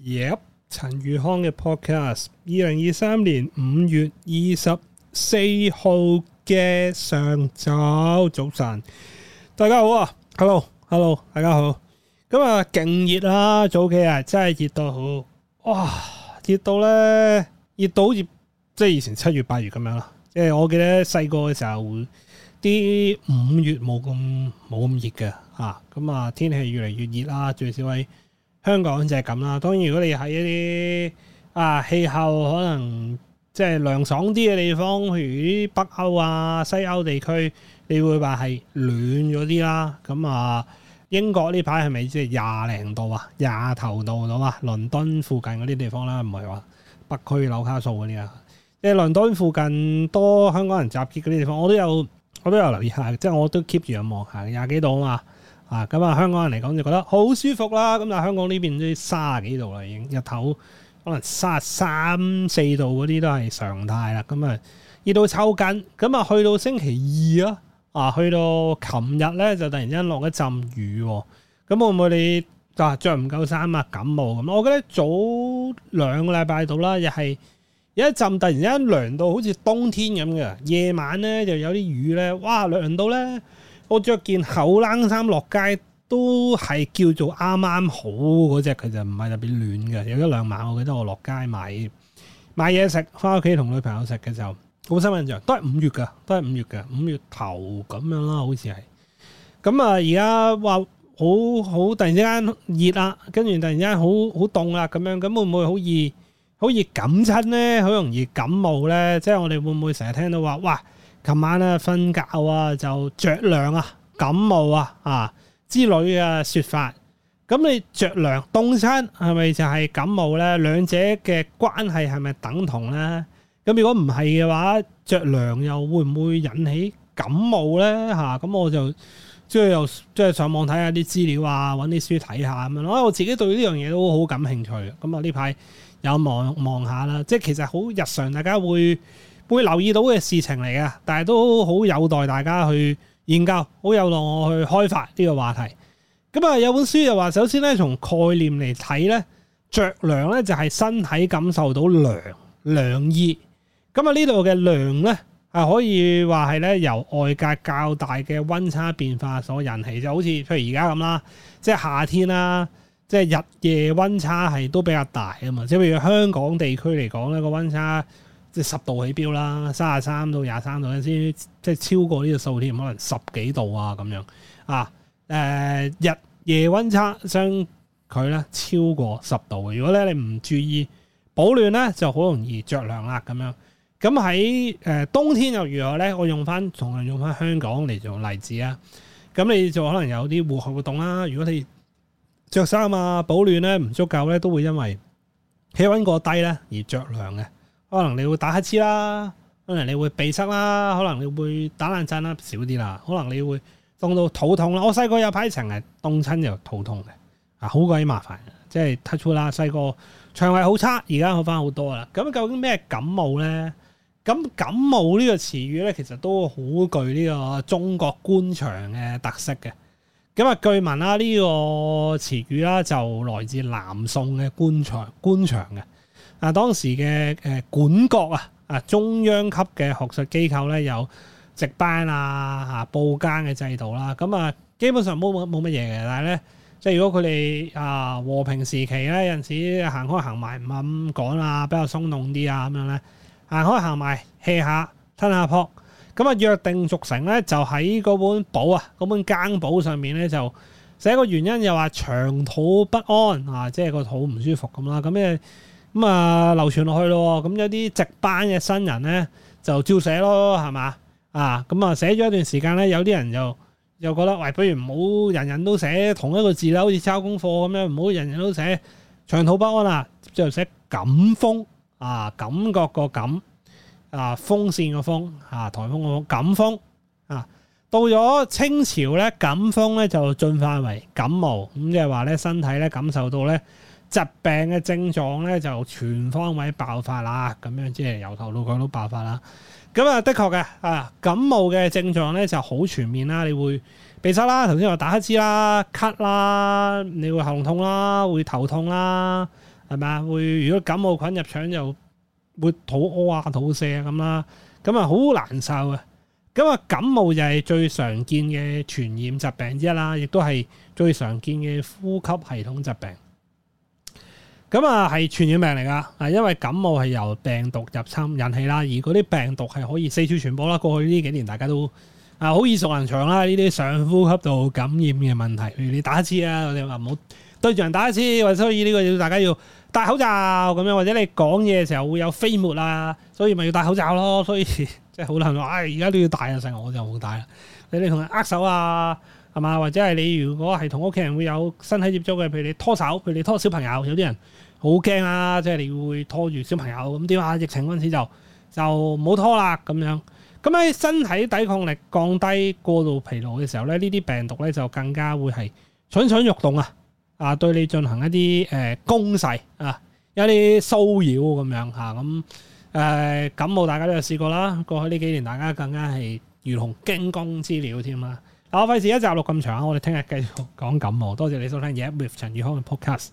Yep，陳宇康嘅 podcast，二零二三年五月二十四號嘅上晝早，早，早晨，大家好啊，hello hello，大家好，咁啊，勁熱啦，早期啊，真係熱到好，哇，熱到咧，熱到好似，即係以前七月八月咁樣咯、啊，即係我記得細個嘅時候，啲五月冇咁冇咁熱嘅，吓，咁啊，天氣越嚟越熱啦、啊，最少喺。香港就係咁啦。當然，如果你喺一啲啊氣候可能即係涼爽啲嘅地方，譬如北歐啊、西歐地區，你會話係暖咗啲啦。咁啊，英國呢排係咪即係廿零度啊？廿頭度到啊？倫敦附近嗰啲地方啦，唔係話北區紐卡素嗰啲啊。即係倫敦附近多香港人集結嗰啲地方，我都有我都有留意下，即係我都 keep 住有望下廿幾度啊嘛。啊，咁啊，香港人嚟講就覺得好舒服啦。咁但香港呢邊都卅幾度啦，已經日頭可能卅三、三四度嗰啲都係常態啦。咁啊，熱到抽筋。咁啊，去到星期二啊，啊，去到琴日咧就突然間落一陣雨，啊。咁會唔會你啊著唔夠衫啊感冒咁，啊？我覺得早兩個禮拜到啦，又係有一陣突然間涼到好似冬天咁嘅。夜晚咧就有啲雨咧，哇，涼到咧～我着件厚冷衫落街都係叫做啱啱好嗰隻，佢就唔係特別暖嘅，有一兩晚我記得我落街買買嘢食，翻屋企同女朋友食嘅時候，好深刻印象，都係五月㗎，都係五月㗎。五月頭咁樣啦，好似係。咁啊，而家話好好突然之間熱啦，跟住突然之間好好凍啦咁樣，咁會唔會好易好易感親咧？好容易感冒咧？即係我哋會唔會成日聽到話哇？琴晚咧瞓覺啊，就着涼啊，感冒啊啊之類嘅、啊、說法。咁你着涼凍親係咪就係感冒咧？兩者嘅關係係咪等同咧？咁如果唔係嘅話，着涼又會唔會引起感冒咧？吓、啊、咁我就即係又即係上網睇下啲資料啊，揾啲書睇下咁樣咯。我自己對呢樣嘢都好感興趣。咁啊呢排有望望下啦，即係其實好日常，大家會。會留意到嘅事情嚟㗎，但係都好有待大家去研究，好有待我去開發呢個話題。咁啊，有本書就話，首先咧從概念嚟睇咧，着涼咧就係身體感受到涼涼意。咁啊，這裡的呢度嘅涼咧係可以話係咧由外界較大嘅溫差變化所引起，就好似譬如而家咁啦，即係夏天啦，即係日夜溫差係都比較大啊嘛。即係譬如香港地區嚟講咧，個溫差。即十度起標啦，三十三到廿三度先，即係超過呢個數添，可能十幾度啊，咁樣啊。誒、呃，日夜溫差相佢咧超過十度嘅。如果咧你唔注意保暖咧，就好容易着涼啦咁樣。咁喺誒冬天又如何咧？我用翻仲，係用翻香港嚟做例子啊。咁你就可能有啲戶外活動啦。如果你着衫啊保暖咧唔足夠咧，都會因為氣溫過低咧而着涼嘅。可能你會打乞嗤啦，可能你會鼻塞啦，可能你會打冷震啦，少啲啦，可能你會凍到肚痛啦。我細個有排成日係凍親又肚痛嘅，啊好鬼麻煩，即係 touch wood 啦。細個腸胃好差，而家好翻好多啦。咁究竟咩感冒咧？咁感冒呢個詞語咧，其實都好具呢個中國官場嘅特色嘅。咁啊，據聞啦，呢個詞語啦就來自南宋嘅官場，官場嘅。啊！當時嘅誒管國啊，啊中央級嘅學術機構咧，有值班啊、報更嘅制度啦。咁啊，基本上冇冇乜嘢嘅。但係咧，即係如果佢哋啊和平時期咧，有陣時行開行埋唔敢講啊，比較鬆動啲啊，咁樣咧行開行埋 hea 下吞下 po。咁啊約定俗成咧，就喺嗰本簿啊，嗰本更簿上面咧，就寫個原因又話長肚不安啊，即係個肚唔舒服咁啦。咁咧。咁啊，流傳落去咯。咁有啲值班嘅新人咧，就照寫咯，係嘛啊？咁、嗯、啊，寫咗一段時間咧，有啲人就又覺得，喂，不如唔好人人都寫同一個字啦，好似抄功課咁樣，唔好人人都寫腸肚不安啊，就寫感風啊，感覺個感啊，風扇個風啊，颱風個感風啊。到咗清朝咧，感風咧就進化為感冒，咁即係話咧，身體咧感受到咧。疾病嘅症狀咧就全方位爆發啦，咁樣即係由頭到腳都爆發啦。咁啊，的確嘅啊，感冒嘅症狀咧就好全面啦。你會鼻塞啦，頭先話打乞嗤啦、咳啦，你會喉痛啦，會頭痛啦，係咪啊？會如果感冒菌入腸，就會肚屙啊、肚瀉咁啦，咁啊好難受嘅。咁啊，感冒就係最常見嘅傳染疾病之一啦，亦都係最常見嘅呼吸系統疾病。咁啊，係傳染病嚟㗎，啊，因為感冒係由病毒入侵引起啦，而嗰啲病毒係可以四處傳播啦。過去呢幾年大家都啊好耳熟能詳啦，呢啲上呼吸道感染嘅問題，譬如你打一次啊，我哋話唔好對住人打一次或者所以呢個要大家要戴口罩咁樣，或者你講嘢嘅時候會有飛沫啊，所以咪要戴口罩咯。所以即係好難話，唉、哎，而家都要戴啊，成日我就冇戴啦。你哋同人握手啊。係嘛？或者係你如果係同屋企人會有身體接觸嘅，譬如你拖手，譬如你拖小朋友，有啲人好驚啊！即係你會拖住小朋友咁，點啊？疫情嗰陣時就就唔好拖啦咁樣。咁喺身體抵抗力降低、過度疲勞嘅時候咧，呢啲病毒咧就更加會係蠢蠢欲動啊！啊，對你進行一啲誒、呃、攻勢啊，一啲騷擾咁樣咁、啊呃、感冒，大家都有試過啦。過去呢幾年，大家更加係如同驚弓之鳥添啦。嗱，費事一集錄咁長啊！我哋聽日繼續講感冒，多謝你收聽 Yap Yeah , with 陳宇康嘅 podcast。